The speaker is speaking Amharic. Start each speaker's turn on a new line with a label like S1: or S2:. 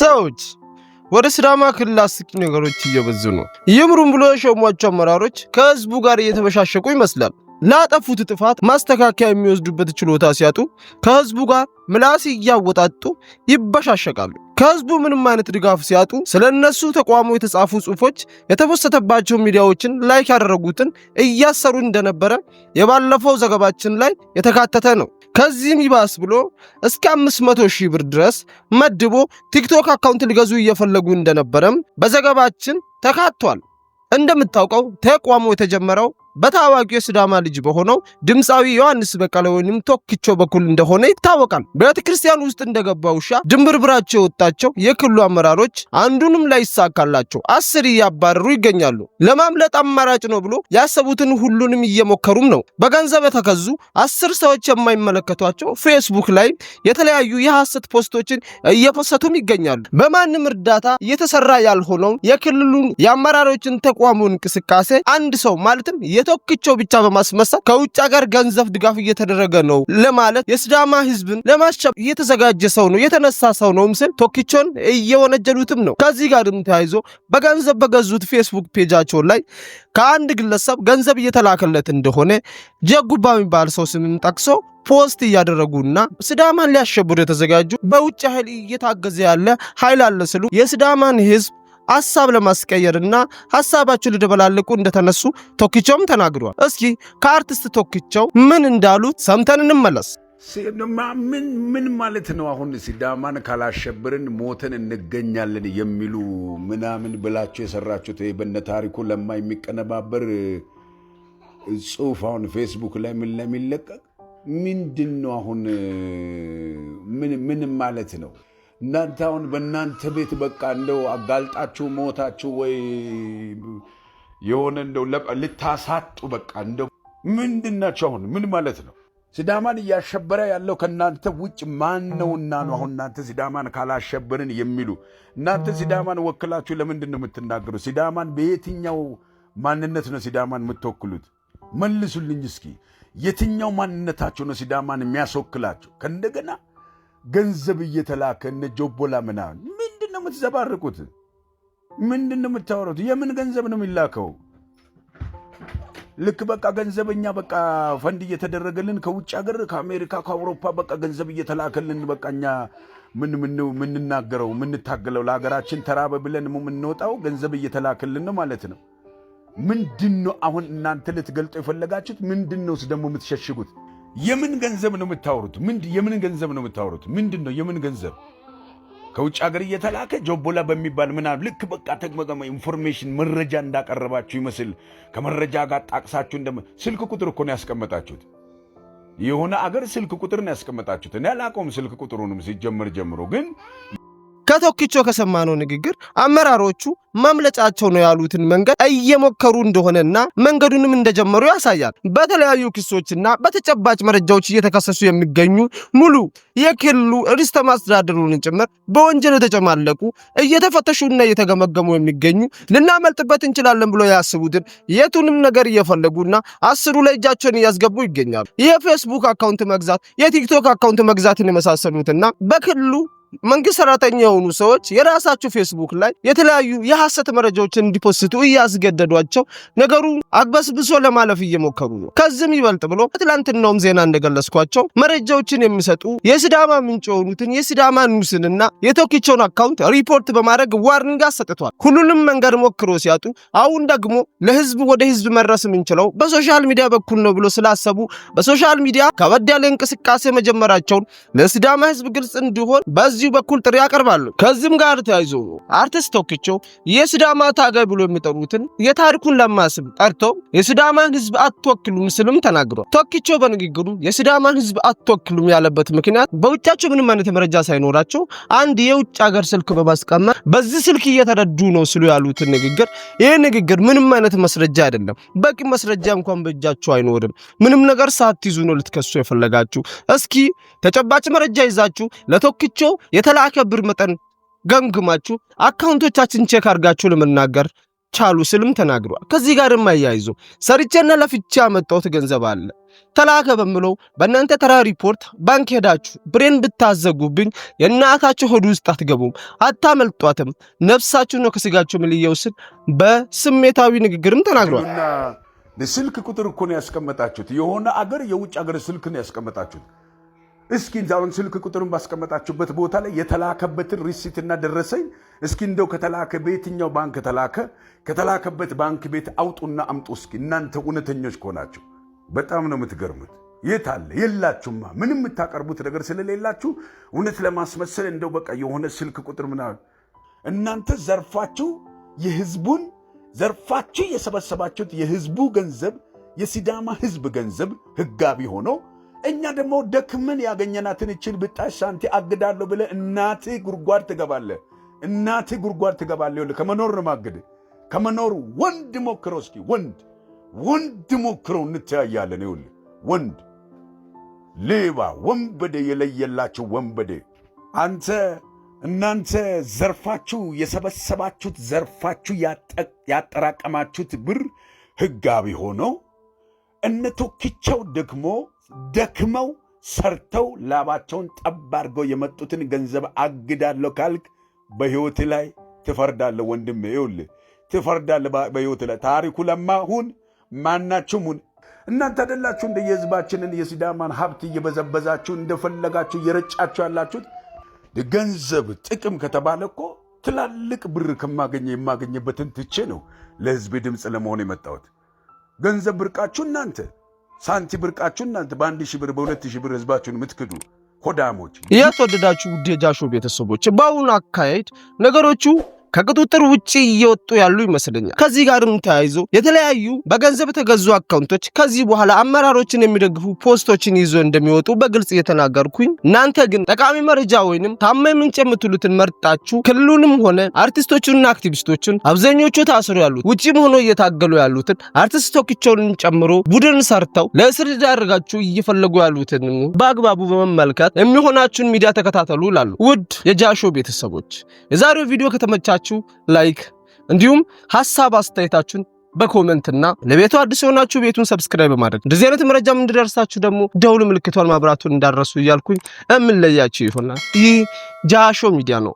S1: ሰዎች ወደ ስዳማ ክልል አስቂ ነገሮች እየበዙ ነው። ይምሩም ብሎ የሾሟቸው አመራሮች ከህዝቡ ጋር እየተበሻሸቁ ይመስላል። ላጠፉት ጥፋት ማስተካከያ የሚወስዱበት ችሎታ ሲያጡ ከህዝቡ ጋር ምላስ እያወጣጡ ይበሻሸቃሉ። ከህዝቡ ምንም አይነት ድጋፍ ሲያጡ ስለ እነሱ ተቋሙ የተጻፉ ጽሁፎች የተፈሰተባቸው ሚዲያዎችን ላይክ ያደረጉትን እያሰሩ እንደነበረ የባለፈው ዘገባችን ላይ የተካተተ ነው። ከዚህም ይባስ ብሎ እስከ 500 ሺህ ብር ድረስ መድቦ ቲክቶክ አካውንት ሊገዙ እየፈለጉ እንደነበረም በዘገባችን ተካቷል። እንደምታውቀው ተቋሙ የተጀመረው በታዋቂው የሲዳማ ልጅ በሆነው ድምፃዊ ዮሐንስ በቀለ ወይም ቶክቾ በኩል እንደሆነ ይታወቃል። ቤተክርስቲያን ውስጥ እንደገባ ውሻ ድንብርብራቸው የወጣቸው የክልሉ አመራሮች አንዱንም ላይሳካላቸው አስር እያባረሩ ይገኛሉ። ለማምለጥ አማራጭ ነው ብሎ ያሰቡትን ሁሉንም እየሞከሩም ነው። በገንዘብ የተከዙ አስር ሰዎች የማይመለከቷቸው ፌስቡክ ላይ የተለያዩ የሐሰት ፖስቶችን እየፈሰቱም ይገኛሉ። በማንም እርዳታ እየተሰራ ያልሆነው የክልሉን የአመራሮችን ተቋሙ እንቅስቃሴ አንድ ሰው ማለትም የቶክቸው ብቻ በማስመሳት ከውጭ ሀገር ገንዘብ ድጋፍ እየተደረገ ነው ለማለት የስዳማ ህዝብን ለማሸብ እየተዘጋጀ ሰው ነው የተነሳ ሰው ነው ምስል ቶክቾን እየወነጀሉትም ነው። ከዚህ ጋርም ተያይዞ በገንዘብ በገዙት ፌስቡክ ፔጃቸው ላይ ከአንድ ግለሰብ ገንዘብ እየተላከለት እንደሆነ ጀጉባ የሚባል ሰው ስምም ጠቅሶ ፖስት እያደረጉና ስዳማን ሊያሸብሩ የተዘጋጁ በውጭ ኃይል እየታገዘ ያለ ኃይል አለ ስሉ የስዳማን ህዝብ ሀሳብ ለማስቀየር እና ሀሳባቸው ሊደበላልቁ እንደተነሱ ቶኪቻውም ተናግሯል። እስኪ ከአርቲስት ቶኪቻው ምን እንዳሉት ሰምተን እንመለስ።
S2: ምን ምን ማለት ነው አሁን ሲዳማን ካላሸብርን ሞተን እንገኛለን የሚሉ ምናምን ብላችሁ የሰራችሁት በነ ታሪኩ ለማ የሚቀነባበር ጽሁፍ አሁን ፌስቡክ ላይ ምን ለሚለቀቅ ምንድን ነው አሁን ምን ማለት ነው? እናንተ አሁን በእናንተ ቤት በቃ እንደው አጋልጣችሁ ሞታችሁ ወይ የሆነ እንደው ልታሳጡ በቃ እንደው ምንድናቸው? አሁን ምን ማለት ነው? ሲዳማን እያሸበረ ያለው ከእናንተ ውጭ ማን ነውና ነው? አሁን እናንተ ሲዳማን ካላሸበርን የሚሉ እናንተ ሲዳማን ወክላችሁ ለምንድን ነው የምትናገሩ? ሲዳማን በየትኛው ማንነት ነው ሲዳማን የምትወክሉት? መልሱልኝ እስኪ። የትኛው ማንነታቸው ነው ሲዳማን የሚያስወክላቸው? ከእንደገና ገንዘብ እየተላከ እነ ጆቦላ ምናምን ምንድን ነው የምትዘባርቁት? ምንድን ነው የምታወሩት? የምን ገንዘብ ነው የሚላከው? ልክ በቃ ገንዘበኛ በቃ ፈንድ እየተደረገልን ከውጭ ሀገር ከአሜሪካ ከአውሮፓ በቃ ገንዘብ እየተላከልን በቃ እኛ ምን ምንናገረው ምንታገለው ለሀገራችን ተራበ ብለን የምንወጣው ገንዘብ እየተላከልን ነው ማለት ነው። ምንድን ነው አሁን እናንተ ልትገልጦ የፈለጋችሁት? ምንድን ነውስ ደግሞ የምትሸሽጉት? የምን ገንዘብ ነው የምታወሩት? ምንድን የምን ገንዘብ ነው የምታወሩት? ምንድን ነው የምን ገንዘብ? ከውጭ ሀገር እየተላከ ጆቦላ በሚባል ምናምን ልክ በቃ ተግመገመ ኢንፎርሜሽን መረጃ እንዳቀረባችሁ ይመስል ከመረጃ ጋር ጣቅሳችሁ እንደ ስልክ ቁጥር እኮ ነው ያስቀመጣችሁት። የሆነ አገር ስልክ ቁጥር ነው ያስቀመጣችሁት። እኔ አላውቀውም ስልክ ቁጥሩንም ሲጀመር ጀምሮ ግን
S1: ከቶክቾ ከሰማነው ንግግር አመራሮቹ ማምለጫቸው ነው ያሉትን መንገድ እየሞከሩ እንደሆነና መንገዱንም እንደጀመሩ ያሳያል። በተለያዩ ክሶችና በተጨባጭ መረጃዎች እየተከሰሱ የሚገኙ ሙሉ የክልሉ ርዕሰ መስተዳድሩን ጭምር በወንጀል የተጨማለቁ እየተፈተሹና እየተገመገሙ የሚገኙ ልናመልጥበት እንችላለን ብሎ ያስቡትን የቱንም ነገር እየፈለጉና አስሩ ላይ እጃቸውን እያስገቡ ይገኛሉ። የፌስቡክ አካውንት መግዛት፣ የቲክቶክ አካውንት መግዛትን የመሳሰሉትና በክልሉ መንግስት ሰራተኛ የሆኑ ሰዎች የራሳቸው ፌስቡክ ላይ የተለያዩ የሐሰት መረጃዎችን እንዲፖስቱ እያስገደዷቸው ነገሩ አግበስብሶ ለማለፍ እየሞከሩ ነው። ከዚህም ይበልጥ ብሎ ትላንትናውም ዜና እንደገለጽኳቸው መረጃዎችን የሚሰጡ የሲዳማ ምንጭ የሆኑትን የሲዳማ ኒውስንና የቶኪቾን አካውንት ሪፖርት በማድረግ ዋርንጋ ሰጥቷል። ሁሉንም መንገድ ሞክሮ ሲያጡ አሁን ደግሞ ለህዝብ ወደ ህዝብ መድረስ የምንችለው በሶሻል ሚዲያ በኩል ነው ብሎ ስላሰቡ በሶሻል ሚዲያ ከበድ ያለ እንቅስቃሴ መጀመራቸውን ለስዳማ ህዝብ ግልጽ እንዲሆን በዚ በዚሁ በኩል ጥሪ ያቀርባሉ። ከዚህም ጋር ተያይዞ አርቲስት ቶክቾ የስዳማ ታጋይ ብሎ የሚጠሩትን የታሪኩን ለማስብ ጠርቶ የስዳማን ህዝብ አትወክሉም ስልም ተናግሯል። ቶክቻው በንግግሩ የስዳማን ህዝብ አትወክሉም ያለበት ምክንያት በውጫቸው ምንም አይነት መረጃ ሳይኖራቸው አንድ የውጭ ሀገር ስልክ በማስቀመጥ በዚህ ስልክ እየተረዱ ነው ስሉ ያሉትን ንግግር ይህ ንግግር ምንም አይነት መስረጃ አይደለም። በቂ መስረጃ እንኳን በእጃችሁ አይኖርም። ምንም ነገር ሳትይዙ ነው ልትከሱ የፈለጋችሁ። እስኪ ተጨባጭ መረጃ ይዛችሁ ለቶክቻው የተላከ ብር መጠን ገምግማችሁ አካውንቶቻችን ቼክ አድርጋችሁ ለመናገር ቻሉ ስልም ተናግሯል። ከዚህ ጋር የማያይዞ ሰርቼና ለፍቼ ያመጣሁት ገንዘብ አለ ተላከ በምለው በእናንተ ተራ ሪፖርት ባንክ ሄዳችሁ ብሬን ብታዘጉብኝ የእናታችሁ ሆድ ውስጥ አትገቡም፣ አታመልጧትም። ነፍሳችሁ ነው ከስጋችሁ ምልየው ስል በስሜታዊ ንግግርም ተናግሯል።
S2: ስልክ ቁጥር እኮ ነው ያስቀመጣችሁት። የሆነ አገር የውጭ አገር ስልክ ነው ያስቀመጣችሁት። እስኪ ዛሁን ስልክ ቁጥሩን ባስቀመጣችሁበት ቦታ ላይ የተላከበትን ሪሲትና ደረሰኝ እስኪ እንደው ከተላከ በየትኛው ባንክ ተላከ ከተላከበት ባንክ ቤት አውጡና አምጡ። እስኪ እናንተ እውነተኞች ከሆናችሁ በጣም ነው የምትገርሙት። የት አለ? የላችሁማ። ምንም የምታቀርቡት ነገር ስለሌላችሁ እውነት ለማስመሰል እንደው በቃ የሆነ ስልክ ቁጥር ምናምን እናንተ ዘርፋችሁ የህዝቡን ዘርፋችሁ የሰበሰባችሁት የህዝቡ ገንዘብ የሲዳማ ህዝብ ገንዘብ ህጋቢ ሆኖ እኛ ደግሞ ደክመን ያገኘናትን እችል ብጣሽ ሳንቲ አግዳለሁ ብለ እናት ጉርጓድ ትገባለ እናት ጉርጓድ ትገባለ ይኸውልህ ከመኖር ማግድ ከመኖር ወንድ ሞክረው እስኪ ወንድ ወንድ ሞክረው እንተያያለን። ይሁን ወንድ ሌባ ወንበዴ የለየላችሁ ወንበዴ አንተ እናንተ ዘርፋችሁ የሰበሰባችሁት ዘርፋችሁ ያጠራቀማችሁት ብር ህጋቢ ሆነው እነ ቶክቻው ደግሞ ደክመው ሰርተው ላባቸውን ጠብ አድርገው የመጡትን ገንዘብ አግዳለሁ ካልክ በሕይወት ላይ ትፈርዳለህ ወንድም ይውል ትፈርዳለህ በሕይወት ላይ። ታሪኩ ለማ ሁን ማናችሁም ሁን እናንተ አደላችሁ እንደ የህዝባችንን የሲዳማን ሀብት እየበዘበዛችሁ እንደፈለጋችሁ እየረጫችሁ ያላችሁት። ገንዘብ ጥቅም ከተባለ እኮ ትላልቅ ብር ከማገኘ የማገኝበትን ትቼ ነው ለህዝብ ድምፅ ለመሆን የመጣሁት። ገንዘብ ብርቃችሁ እናንተ፣ ሳንቲ ብርቃችሁ እናንተ። በአንድ ሺህ ብር በሁለት ሺህ ብር ህዝባችሁን የምትክዱ ሆዳሞች።
S1: እያስወደዳችሁ ውድ የጃሾ ቤተሰቦች በአሁኑ አካሄድ ነገሮቹ ከቁጥጥር ውጭ እየወጡ ያሉ ይመስለኛል። ከዚህ ጋርም ተያይዞ የተለያዩ በገንዘብ የተገዙ አካውንቶች ከዚህ በኋላ አመራሮችን የሚደግፉ ፖስቶችን ይዞ እንደሚወጡ በግልጽ እየተናገርኩኝ፣ እናንተ ግን ጠቃሚ መረጃ ወይንም ታማኝ ምንጭ የምትሉትን መርጣችሁ ክልሉንም ሆነ አርቲስቶቹንና አክቲቪስቶችን አብዛኞቹ ታስሩ ያሉት ውጭም ሆኖ እየታገሉ ያሉትን አርቲስት ቶክቻውን ጨምሮ ቡድን ሰርተው ለእስር ዳርጋችሁ እየፈለጉ ያሉትን በአግባቡ በመመልከት የሚሆናችሁን ሚዲያ ተከታተሉ ላሉ ውድ የጃሾ ቤተሰቦች የዛሬው ቪዲዮ ከተመቻችሁ ካላችሁ ላይክ እንዲሁም ሀሳብ አስተያየታችሁን በኮመንትና ለቤቱ አዲስ የሆናችሁ ቤቱን ሰብስክራይብ በማድረግ እንደዚህ አይነት መረጃም እንድደርሳችሁ ደግሞ ደውል ምልክቷን ማብራቱን እንዳረሱ እያልኩኝ እምንለያችሁ ይሆናል። ይህ ጃሾ ሚዲያ ነው።